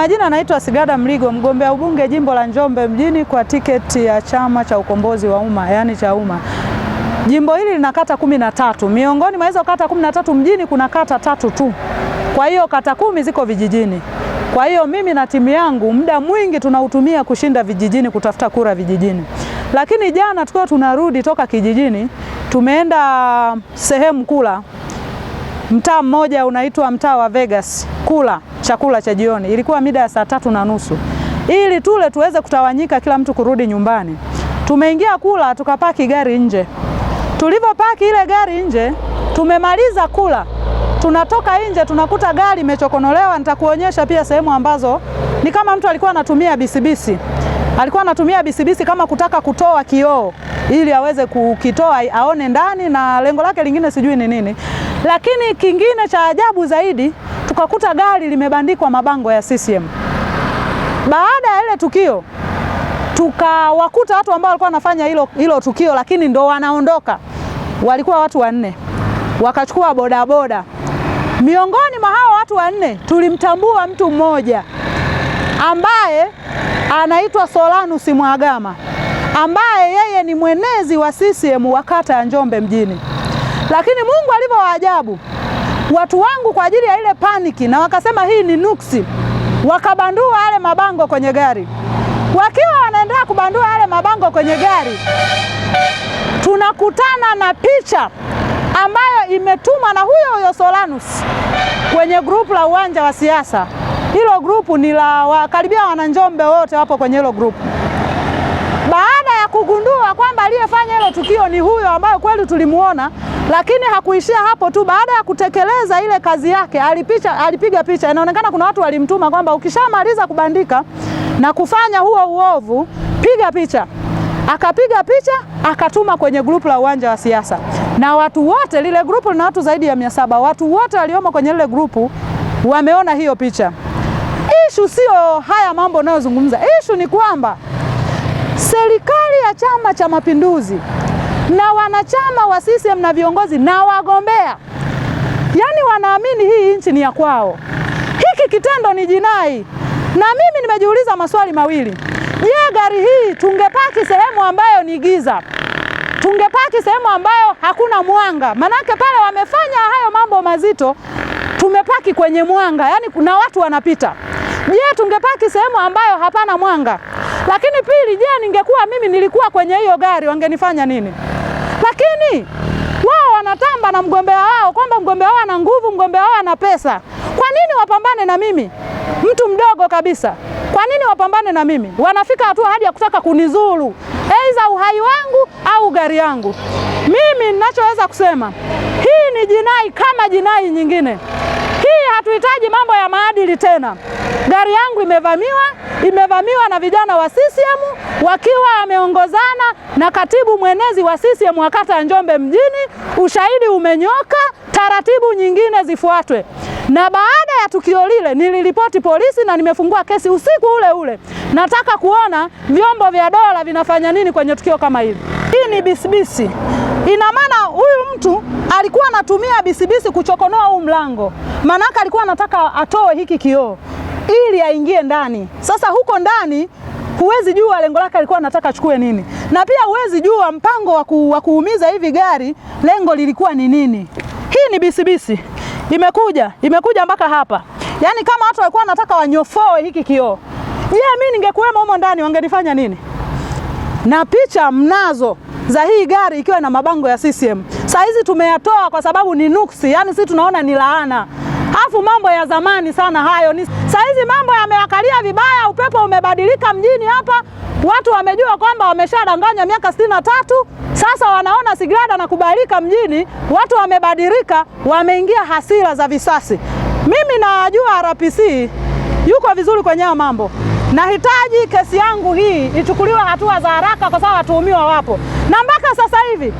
Majina anaitwa Sigrada Mligo, mgombea ubunge jimbo la Njombe mjini kwa tiketi ya chama cha ukombozi wa umma, yaani umma Jimbo hili lina kata kumi na tatu. Miongoni mwa hizo kata kumi na tatu mjini kuna kata tatu tu, kwa hiyo kata kumi ziko vijijini. Kwa hiyo mimi na timu yangu muda mwingi tunautumia kushinda vijijini, kutafuta kura vijijini. Lakini jana tukiwa tunarudi toka kijijini, tumeenda sehemu kula, mtaa mmoja unaitwa mtaa wa Vegas kula chakula cha jioni, ilikuwa mida ya saa tatu na nusu ili tule tuweze kutawanyika, kila mtu kurudi nyumbani. Tumeingia kula, tukapaki gari nje. Tulivyopaki ile gari nje, tumemaliza kula, tunatoka nje, tunakuta gari imechokonolewa. Nitakuonyesha pia sehemu ambazo ni kama mtu alikuwa anatumia bisibisi alikuwa anatumia bisibisi kama kutaka kutoa kioo ili aweze kukitoa aone ndani, na lengo lake lingine sijui ni nini. Lakini kingine cha ajabu zaidi tukakuta gari limebandikwa mabango ya CCM. Baada ya ile tukio tukawakuta watu ambao walikuwa wanafanya hilo, hilo tukio lakini ndo wanaondoka, walikuwa watu wanne, wakachukua bodaboda. Miongoni mwa hao watu wanne tulimtambua mtu mmoja ambaye anaitwa Solanus mwagama ambaye yeye ni mwenezi wa CCM wa kata ya Njombe mjini, lakini Mungu alivyo waajabu watu wangu kwa ajili ya ile paniki, na wakasema hii ni nuksi, wakabandua yale mabango kwenye gari. Wakiwa wanaendelea kubandua yale mabango kwenye gari, tunakutana na picha ambayo imetumwa na huyo huyo Solanus kwenye grupu la uwanja wa siasa. Hilo grupu ni la wakaribia wananjombe wote wapo kwenye hilo grupu. ni huyo ambayo kweli tulimuona, lakini hakuishia hapo tu. Baada ya kutekeleza ile kazi yake alipicha, alipiga picha. Inaonekana kuna watu walimtuma kwamba ukishamaliza kubandika na kufanya huo uovu, piga picha. Akapiga picha akatuma kwenye grupu la uwanja wa siasa, na watu wote, lile grupu lina watu zaidi ya mia saba. Watu wote waliomo kwenye lile grupu wameona hiyo picha. Ishu sio haya mambo unayozungumza, ishu ni kwamba serikali ya Chama cha Mapinduzi na wanachama wa CCM na viongozi na wagombea, yaani wanaamini hii nchi ni ya kwao. Hiki kitendo ni jinai, na mimi nimejiuliza maswali mawili. Je, gari hii tungepaki sehemu ambayo ni giza? Tungepaki sehemu ambayo hakuna mwanga? Manake pale wamefanya hayo mambo mazito, tumepaki kwenye mwanga, yaani kuna watu wanapita. Je, tungepaki sehemu ambayo hapana mwanga? Lakini pili, je, ningekuwa mimi nilikuwa kwenye hiyo gari wangenifanya nini? Lakini wao wanatamba na mgombea wao kwamba mgombea wao ana nguvu, mgombea wao ana pesa. Kwa nini wapambane na mimi mtu mdogo kabisa? Kwa nini wapambane na mimi? Wanafika hatua hadi ya kutaka kunizuru aidha uhai wangu au gari yangu. Mimi ninachoweza kusema hii ni jinai kama jinai nyingine. Hii hatuhitaji mambo ya maadili tena. Gari yangu imevamiwa, imevamiwa na vijana wa CCM wakiwa wameongozana na katibu mwenezi wa CCM wa kata ya Njombe mjini. Ushahidi umenyoka, taratibu nyingine zifuatwe. Na baada ya tukio lile niliripoti polisi na nimefungua kesi usiku ule ule. Nataka kuona vyombo vya dola vinafanya nini kwenye tukio kama hili. Hii ni bisibisi. Ina maana huyu mtu alikuwa anatumia bisibisi kuchokonoa huu mlango, maanake alikuwa anataka atoe hiki kioo ili aingie ndani. Sasa huko ndani huwezi jua lengo lake alikuwa anataka achukue nini, na pia huwezi jua mpango wa waku, kuumiza hivi gari lengo lilikuwa ni nini. Hii ni bisibisi imekuja imekuja mpaka hapa, yaani kama watu walikuwa wanataka wanyofoe hiki kioo. Je, mimi ningekuwemo humo ndani wangenifanya nini? Na picha mnazo za hii gari ikiwa na mabango ya CCM. Saa hizi tumeyatoa kwa sababu ni nuksi, yaani sisi tunaona ni laana. Afu mambo ya zamani sana hayo, ni saizi mambo yamewakalia vibaya, upepo umebadilika mjini hapa, watu wamejua kwamba wameshadanganywa miaka sitini na tatu. Sasa wanaona sigrada nakubalika mjini, watu wamebadilika, wameingia hasira za visasi. Mimi nawajua RPC yuko vizuri kwenye hayo mambo. Nahitaji kesi yangu hii ichukuliwe hatua za haraka, kwa sababu watuhumiwa wapo, na mpaka sasa hivi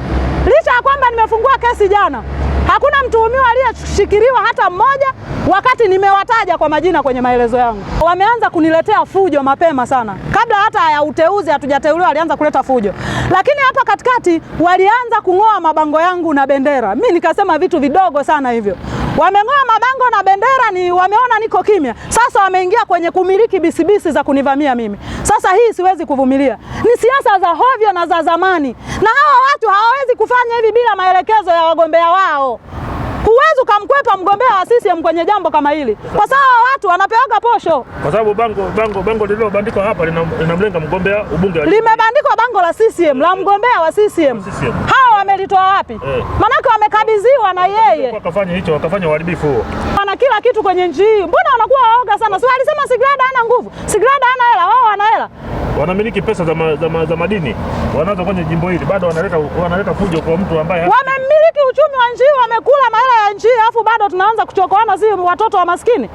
licha ya kwamba nimefungua kesi jana Hakuna mtuhumiwa aliyeshikiliwa hata mmoja, wakati nimewataja kwa majina kwenye maelezo yangu. Wameanza kuniletea fujo mapema sana, kabla hata ya uteuzi, hatujateuliwa walianza kuleta fujo, lakini hapa katikati walianza kung'oa mabango yangu na bendera. Mi nikasema vitu vidogo sana hivyo. Wameng'oa mabango na bendera ni wameona niko kimya, sasa wameingia kwenye kumiliki bisibisi za kunivamia mimi. Sasa hii siwezi kuvumilia, ni siasa za hovyo na za zamani, na hawa watu hawawezi kufanya hivi bila maelekezo ya wagombea wao. Huwezi ukamkwepa mgombea wa CCM kwenye jambo kama hili, kwa sababu watu wanapewaga posho, kwa sababu bango bango bango lililobandikwa hapa linamlenga mgombea ubunge, limebandikwa bango la CCM la mgombea wa CCM amelitoa wapi? Eh. Manake wamekabidhiwa na yeye. Wakafanya hicho, wakafanya uharibifu huo. Wana kila kitu kwenye nchi hii. Mbona wanakuwa waoga sana? Si walisema Sigrada hana nguvu, Sigrada hana hela, wao wana hela wanamiliki pesa za, ma, za, ma, za madini wanazo kwenye jimbo hili bado wanaleta wanaleta fujo kwa mtu ambaye wamemiliki uchumi wa nchi, wamekula mahela ya nchi, alafu bado tunaanza kuchokoana, si watoto wa maskini.